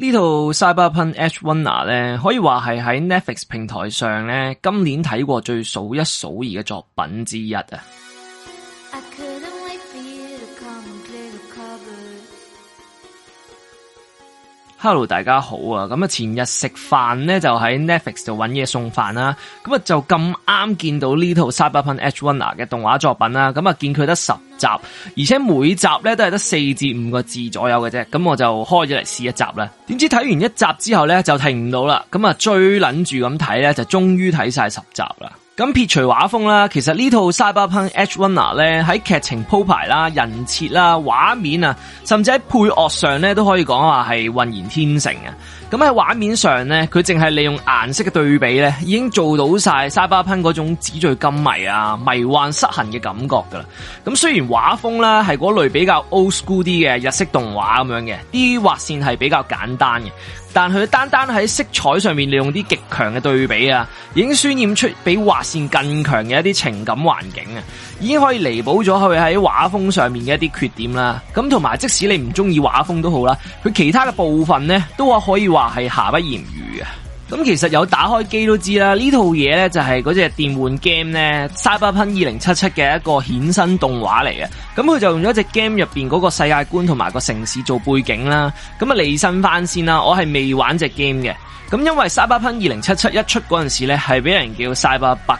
呢套《Cyberpunk Edgerunners》咧，可以話係喺 Netflix 平台上咧，今年睇過最數一數二嘅作品之一啊！Hello，大家好啊！咁啊，前日食飯咧，就喺 Netflix 度搵嘢送飯啦。咁啊，就咁啱見到呢套《Cyberpunk Edgerunners》嘅動畫作品啦。咁啊，見佢得十。集，而且每集咧都係得四至五個字左右嘅啫，咁我就開咗嚟試一集啦。點知睇完一集之後咧就停唔到啦，咁啊最忍住咁睇咧，就終於睇晒十集啦。咁撇除畫風啦，其實呢套《Cyberpunk Edgerunners》咧喺劇情鋪排啦、人設啦、畫面啊，甚至喺配樂上咧都可以講話係渾然天成啊。咁喺畫面上咧，佢淨係利用顏色嘅對比咧，已經做到晒，沙巴噴嗰種紙醉金迷啊、迷幻失衡嘅感覺噶啦。咁雖然畫風咧係類比較 old school 啲嘅日式動畫咁樣嘅，啲畫線係比較簡單嘅，但佢單單喺色彩上面利用啲極強嘅對比啊，已經渲染出比畫線更強嘅一啲情感環境啊，已經可以彌補咗佢喺畫風上面嘅一啲缺點啦。咁同埋即使你唔中意畫風都好啦，佢其他嘅部分咧都話可以話係瑕不掩瑜嘅，咁其實有打開機都知啦。呢套嘢呢就係嗰隻電玩 game 呢 Cyberpunk 二零七七嘅一個衍生動畫嚟嘅。咁佢就用咗隻 game 入邊嗰個世界觀同埋個城市做背景啦。咁啊，離身翻先啦。我係未玩隻 game 嘅。咁因為 Cyberpunk 二零七七一出嗰陣時咧，係俾人叫 Cyberbug。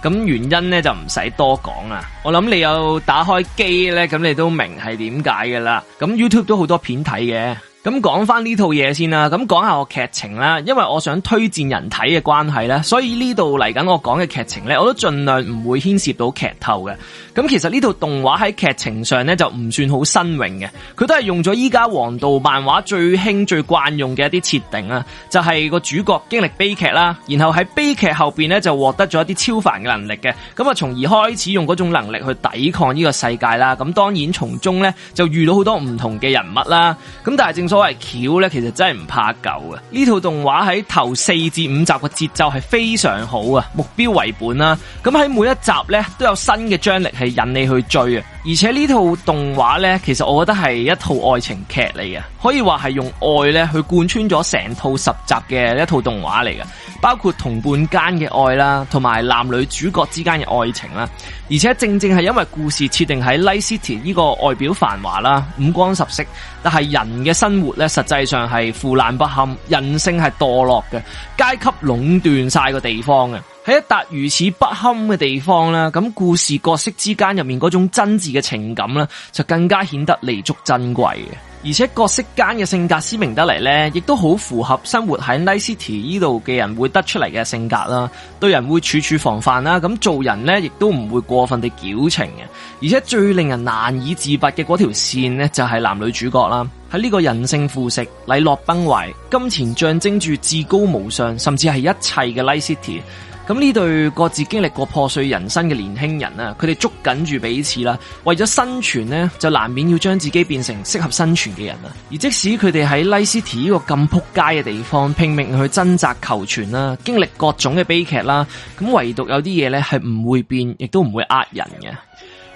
咁原因呢就唔使多講啦。我諗你有打開機呢，咁你都明係點解嘅啦。咁 YouTube 都好多片睇嘅。咁講翻呢套嘢先啦，咁講下個劇情啦，因為我想推薦人睇嘅關係啦，所以呢度嚟緊我講嘅劇情呢，我都盡量唔會牽涉到劇透嘅。咁其實呢套動畫喺劇情上呢，就唔算好新穎嘅，佢都係用咗依家王道漫畫最興最慣用嘅一啲設定啊，就係、是、個主角經歷悲劇啦，然後喺悲劇後邊呢，就獲得咗一啲超凡嘅能力嘅，咁啊從而開始用嗰種能力去抵抗呢個世界啦。咁當然從中呢，就遇到好多唔同嘅人物啦，咁但係正。所謂橋咧，其實真係唔怕舊嘅。呢套動畫喺頭四至五集嘅節奏係非常好啊，目標為本啦。咁喺每一集呢，都有新嘅張力係引你去追啊。而且呢套動畫呢，其實我覺得係一套愛情劇嚟嘅，可以話係用愛呢去貫穿咗成套十集嘅一套動畫嚟嘅。包括同伴間嘅愛啦，同埋男女主角之間嘅愛情啦，而且正正係因為故事設定喺 Light City 呢個外表繁華啦、五光十色，但係人嘅生活咧，實際上係腐爛不堪，人性係墮落嘅，階級壟斷晒個地方嘅。喺一笪如此不堪嘅地方啦，咁故事角色之間入面嗰種真摯嘅情感咧，就更加顯得彌足珍貴嘅。而且角色間嘅性格鮮明得嚟呢，亦都好符合生活喺 Nice City 依度嘅人會得出嚟嘅性格啦。對人會處處防範啦，咁做人呢，亦都唔會過分嘅矯情嘅。而且最令人難以自拔嘅嗰條線呢，就係男女主角啦。喺呢個人性腐蝕、禮樂崩壞、金錢象徵住至高無上，甚至係一切嘅 Nice City。咁呢對各自經歷過破碎人生嘅年輕人啊，佢哋捉緊住彼此啦，為咗生存呢，就難免要將自己變成適合生存嘅人啊！而即使佢哋喺 Night City 呢個咁撲街嘅地方拼命去掙扎求存啦，經歷各種嘅悲劇啦，咁唯獨有啲嘢呢係唔會變，亦都唔會呃人嘅。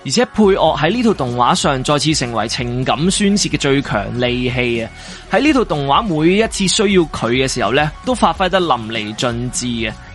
而且配樂喺呢套動畫上再次成為情感宣泄嘅最強利器啊！喺呢套動畫每一次需要佢嘅時候呢，都發揮得淋漓盡致嘅。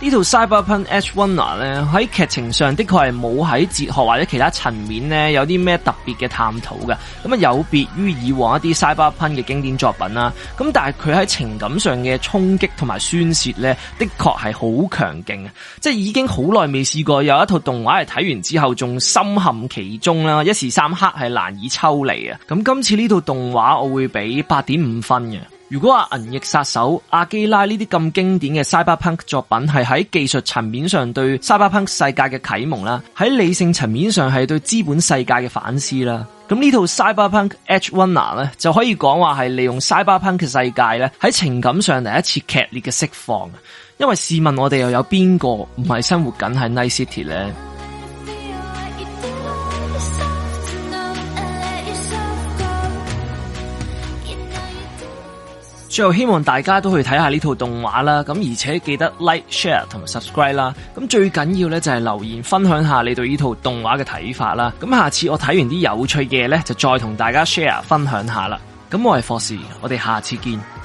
呢套《Cyberpunk H1N》n e r 咧喺劇情上的確係冇喺哲學或者其他層面咧有啲咩特別嘅探討嘅，咁啊有別於以往一啲《Cyberpunk》嘅經典作品啦，咁但係佢喺情感上嘅衝擊同埋宣泄咧的確係好強勁，即係已經好耐未試過有一套動畫係睇完之後仲深陷其中啦，一時三刻係難以抽離啊！咁今次呢套動畫我會俾八點五分嘅。如果話《銀翼殺手》《阿基拉》呢啲咁經典嘅《Cyberpunk》作品係喺技術層面上對 Cyberpunk 世界嘅啟蒙啦，喺理性層面上係對資本世界嘅反思啦。咁呢套《Cyberpunk Edgerunners》咧就可以講話係利用賽博朋克世界咧喺情感上嚟一次劇烈嘅釋放。因為試問我哋又有邊個唔係生活緊喺《Nice City》咧？最後希望大家都去睇下呢套動畫啦，咁而且記得 like、share 同埋 subscribe 啦，咁最緊要咧就係留言分享下你對呢套動畫嘅睇法啦，咁下次我睇完啲有趣嘅嘢咧就再同大家 share 分享下啦，咁我係霍士，我哋下次見。